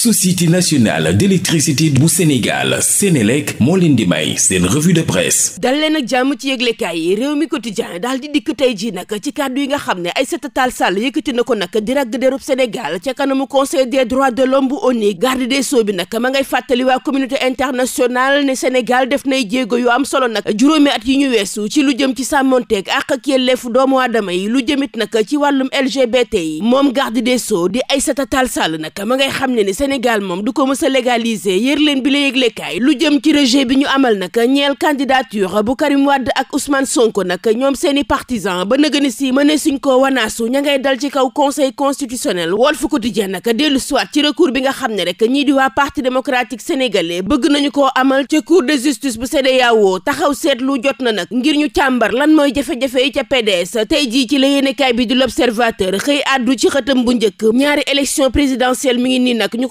société nationale d'électricité bu Sénégal Sénélec moo leen di may seen revue de presse dal leen jàmm ci yëglekaay yi réew mi quotidien daal di dikk tey ji nag ci kàddu yi nga xam ne a Tall Sall yëkkati na ko nag di ragg derub Sénégal ca kanamu conseil des droits de l'homme bu ONU garde des sceaux bi nag ma ngay fàttali waa communauté internationale ne Sénégal def nay jéego yu am solo nag juróomi at yi ñu weesu ci lu jëm ci sàmmonteeg àq ak yelleefu doomu aadama yi lu jëmit nag ci wàllum LGBT yi moom garde des sceaux di Aïssata Tall Sall nag ma Sénégal moom du ko mës a légaliser leen bi la yëglekaay lu jëm ci rejet bi ñu amal nag ñeel candidature bu Karim Wade ak Ousmane Sonko nag ñoom seeni partisan ba nëgëni si mëne suñ ko wanaasu ña ngay dal ci kaw conseil constitutionnel Walf Quotidien nag dellu soit ci recours bi nga xam ne rek ñii di waa parti démocratique sénégalais bëgg nañu ko amal ca cour de justice bu CEDEAO taxaw seetlu jot na nag ngir ñu càmbar lan mooy jafe-jafe yi ca PDS tey jii ci la yéenekaay bi di l'observateur xëy àddu ci xëtam bu njëkk ñaari élection présidentielle mi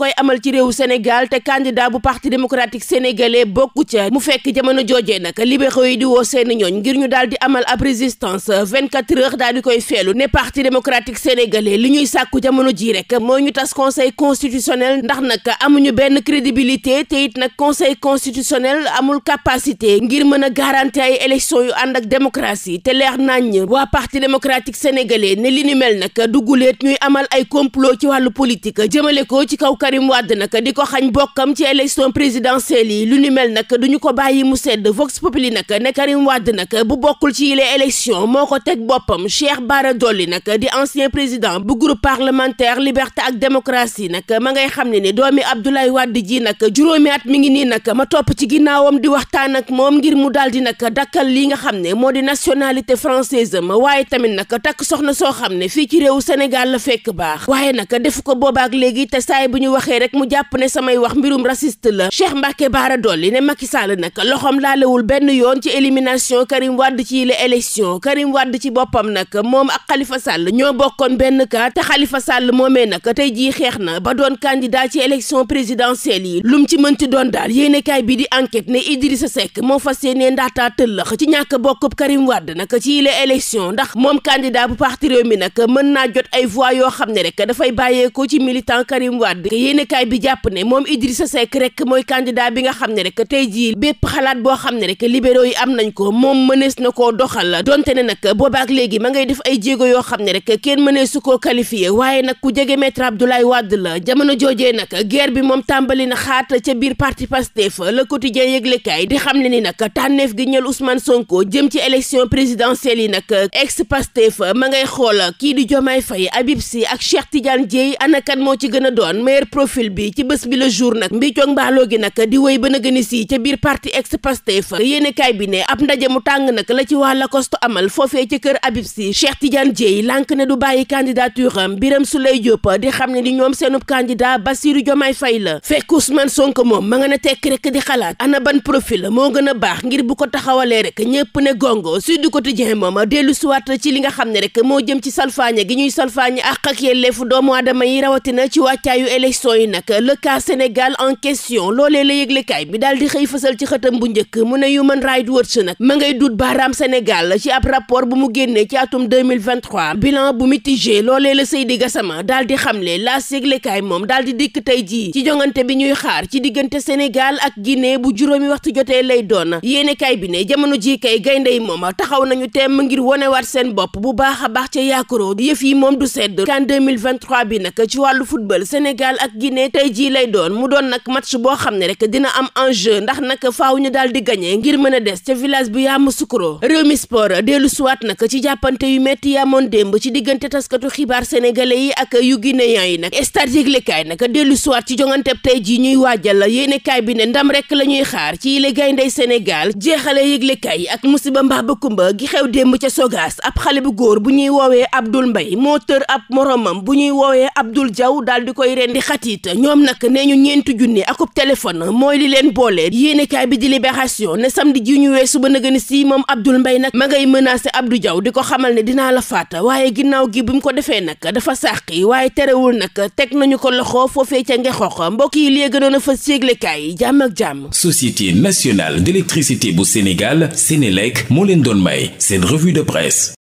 koy amal ci réewu Sénégal te candidat bu parti démocratique sénégalais bokku ca mu fekk jamono joojee nag libéraux yi di woo seeni ñooñ ngir ñu daal di amal ab résistance 24 heures daal di koy feelu ne parti démocratique sénégalais li ñuy sàkku jamono ji rek mooy ñu tas conseil constitutionnel ndax nag amuñu benn crédibilité te it nag conseil constitutionnel amul capacité ngir mën a garantir ay élection yu ànd ak démocratie te leer nañ waa parti démocratique sénégalais ne li ni mel nag dugguleet ñuy amal ay complot ci wàllu politique Karim Wade nag di ko xañ bokkam ci élection présidentielle yi lu ni mel nag du ñu ko bàyyi mu sedd Vox Populi nag ne Karim Wade nag bu bokkul ci yile élection moo ko teg boppam Cheikh Bara yi nag di ancien président bu groupe parlementaire liberté ak démocratie nag ma ngay xam ne ni doomi Abdoulaye Wade ji nag juróomi at mi ngi nii nag ma topp ci ginnaawam di waxtaan ak moom ngir mu daal di nag dakkal li nga xam ne moo di nationalité française ma waaye tamit nag takk soxna soo xam ne fii ci réew Sénégal fekk baax waxee rek mu jàpp ne samay wax mbirum raciste la Cheikh Mbacke Baara Dolli ne Macky Sall nag loxoom laalewul benn yoon ci élimination Karim Wade ci la élection Karim Wade ci boppam nag moom ak Khalifa Sall ñoo bokkoon benn kaat te Khalifa Sall moomee nag tey jii xeex na ba doon candidat ci élection présidentielle yi lum ci mën ci doon daal yéenekaay bi di enquête ne sa Seck moo fas yéenee ndaataa tëllëx ci ñàkk bokkub Karim Wade naka ci la élection ndax moom candidat bu parti réew mi nag mën naa jot ay voix yoo xam ne rek dafay bàyyeekoo ci militant yéenekaay bi jàpp ne moom Idrissa Seck rek mooy candidat bi nga xam ne rek tey jii bépp xalaat boo xam ne rek libéraux yi am nañ ko moom mënees na koo doxal la donte ne nag boobaak léegi ma ngay def ay jéego yoo xam ne rek kenn mëneesu koo qualifié waaye nag ku jege maître Abdoulaye Wade la jamono joojee nag guerre bi moom tàmbali na xaata ca biir parti Pastef le quotidien yëglekaay di xam ne ni nag tànneef gi ñeel Ousmane Sonko jëm ci élection présidentielle yi nag ex Pastef ma ngay xool kii di Diomaye Faye Habib Sy ak Cheikh Tidiane Dièye ana moo ci gën a doon profil bi ci bés bi la jour nag mbiicoog mbaaloo gi nag di wéy ba na gëni sii ca biir parti ex Pastef yéene kaay bi ne ab ndaje mu tàng nag la ci waa Lacoste amal foofee ci kër Habib Sy Cheikh Tidiane Dièye lànk ne du bàyyi candidature am Birame Souleye Diop di xam ne di ñoom seenub candidat Bassirou Diomaye Faye la fekk Ousmane Sonko moom ma nga ne tekk di xalaat ana ban profil moo gën a baax ngir bu ko taxawalee rek ñépp ne gongo Sud Quotidien moom dellu yooyu nag le cas Sénégal en question loolee la yëglekaay bi daal di xëy fësal ci xëtam bu njëkk mu ne Human Rights Watch nag ma ngay dut baaraam Sénégal ci ab rapport mu génnee ci atum 2023 bilan bu mitigé loolee la Seydi Gassama daal di xamle laas yëglekaay moom daal di dikk tey jii ci jongante bi ñuy xaar ci diggante Sénégal ak Guinée bu juróomi waxtu jotee lay doon yéenekaay bi ne jamono jii kay gaynde yi moom taxaw nañu temm ngir wonewaat seen bopp bu baax a baax ca yaakaro yëf yi moom du sedd kan 2023 bi nag ci wàllu football Sénégal ak Guinée tey jii lay doon mu doon nag match boo xam ne rek dina am enjeu ndax nag faaw ñu daal di gagné ngir mën a des ca village bu Yamoussoukro réew mi sport dellu suwaat nag ci jàppante yu metti yaamoon démb ci diggante taskatu xibaar sénégalais yi ak yu guinéen yi nag stade yëglekaay nag dellu suwaat ci jongante tey jii ñuy waajal yéenekaay bi ne ndam rek la ñuy xaar ci yile gayndey Sénégal jeexale yëglekaay yi ak musiba mbaa ba kumba gi xew démb ca Sogas ab xale bu bu ñuy woowee Abdoul Mbaye moo tër ab moromam bu ñuy woowee Abdoul Diaw daal tiit ñoom nag nee ñu ñeenti junni akub téléphone mooy li leen boole yéenekaay bi di libération ne samedi ji ñu weesu ba nëgëni si moom Abdoul mbay nag ma ngay menacé Abdou jaw di ko xamal ne dinaa la faat waaye ginnaaw gi bi mu ko defee nag dafa sàqi waaye terewul nag teg nañu ko loxo foofee ca ngexoox mbokk yi lee gënoon a fa séeglekaay jàmm ak jàmm. Société nationale d'électricité bu Sénégal Sénélec moo leen doon may seen revue de presse.